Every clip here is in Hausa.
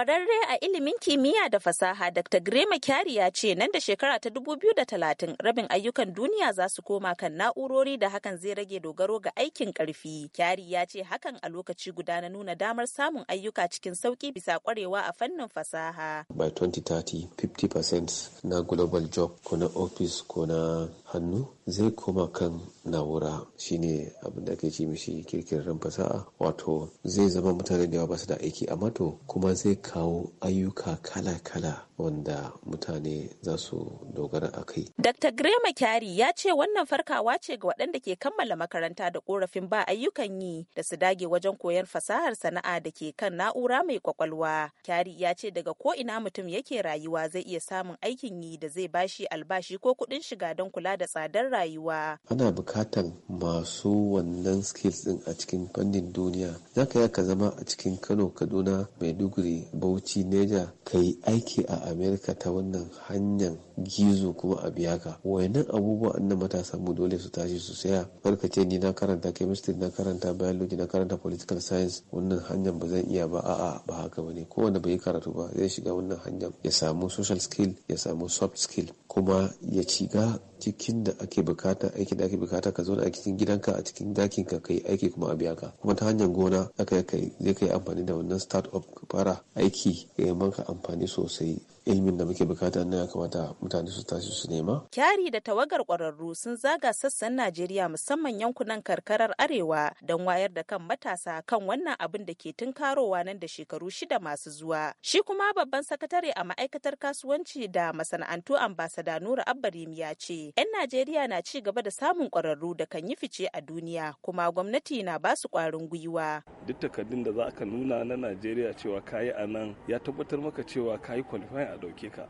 Kwararre a ilimin kimiyya da fasaha Dr. Grema Kyari ya ce nan da shekara ta 2030 rabin ayyukan duniya za su koma kan na'urori da hakan zai rage dogaro ga aikin karfi. Kyari ya ce hakan a lokaci guda na nuna damar samun ayyuka cikin sauki bisa kwarewa a fannin fasaha. By 2030, 50% na global job ko na office ko na hannu zai koma kan na'ura shine abin da ake ce mishi kirkirarren fasaha wato zai zama mutane da yawa ba su da aiki amma to kuma zai kawo ayyuka kala-kala wanda mutane za su dogara a kai. Dr. Grema Kyari ya ce wannan farkawa ce ga waɗanda ke kammala makaranta da korafin ba ayyukan yi da su dage wajen koyar fasahar sana'a da ke kan na'ura mai kwakwalwa. Kyari ya ce daga ko ina mutum yake rayuwa zai iya samun aikin yi da zai bashi albashi ko kuɗin shiga don kula da tsadar rayuwa. Ana bukatan masu wannan skills din a cikin fannin duniya. Za ka ka zama a cikin Kano, Kaduna, Maiduguri, Bauchi, Neja, ka yi aiki a Amerika ta wannan hanyar gizo kuma a biya ka. Wayannan abubuwan na matasa mu dole su tashi su saya. ce ni na karanta chemistry, na karanta biology, na karanta political science. Wannan hanyar ba zan iya ba a'a ba haka ba ne. Kowane bai karatu ba zai shiga wannan hanyar ya samu social skill ya samu soft skill kuma ya shiga cikin da ake bukata aiki da ake bukata ka zauna a cikin gidanka a cikin dakin ka kai aiki kuma a biya ka kuma ta hanyar gona aka kai zai kai amfani da wannan start up fara aiki ya manka amfani sosai ilimin da muke bukata na kamata mutane su tashi su nema. Kyari da tawagar kwararru sun zaga sassan Najeriya musamman yankunan karkarar Arewa don wayar da kan matasa kan wannan abin da ke tun karowa nan da shekaru shida masu zuwa. Shi kuma babban sakatare a ma'aikatar kasuwanci da masana'antu ambasada Nura Abbarim ya ce, ‘yan Najeriya na ci gaba da samun kwararru da kan yi fice a duniya kuma gwamnati na ba su ƙwarin gwiwa. Duk takardun da za ka nuna na Najeriya cewa kayi a nan ya tabbatar maka cewa kayi kwalifayin a dauke ka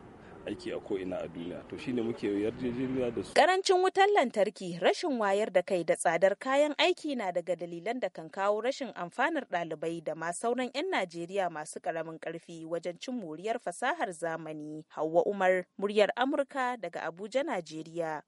aiki a ko'ina a duniya to shine muke yarjejeniya da su. Karancin wutar lantarki rashin wayar da kai da tsadar kayan aiki na daga dalilan da kan kawo rashin amfanar ɗalibai da ma sauran 'yan Najeriya masu ƙaramin ƙarfi wajen cin moriyar fasahar zamani. Hauwa Umar, muryar Amurka daga Abuja, Najeriya.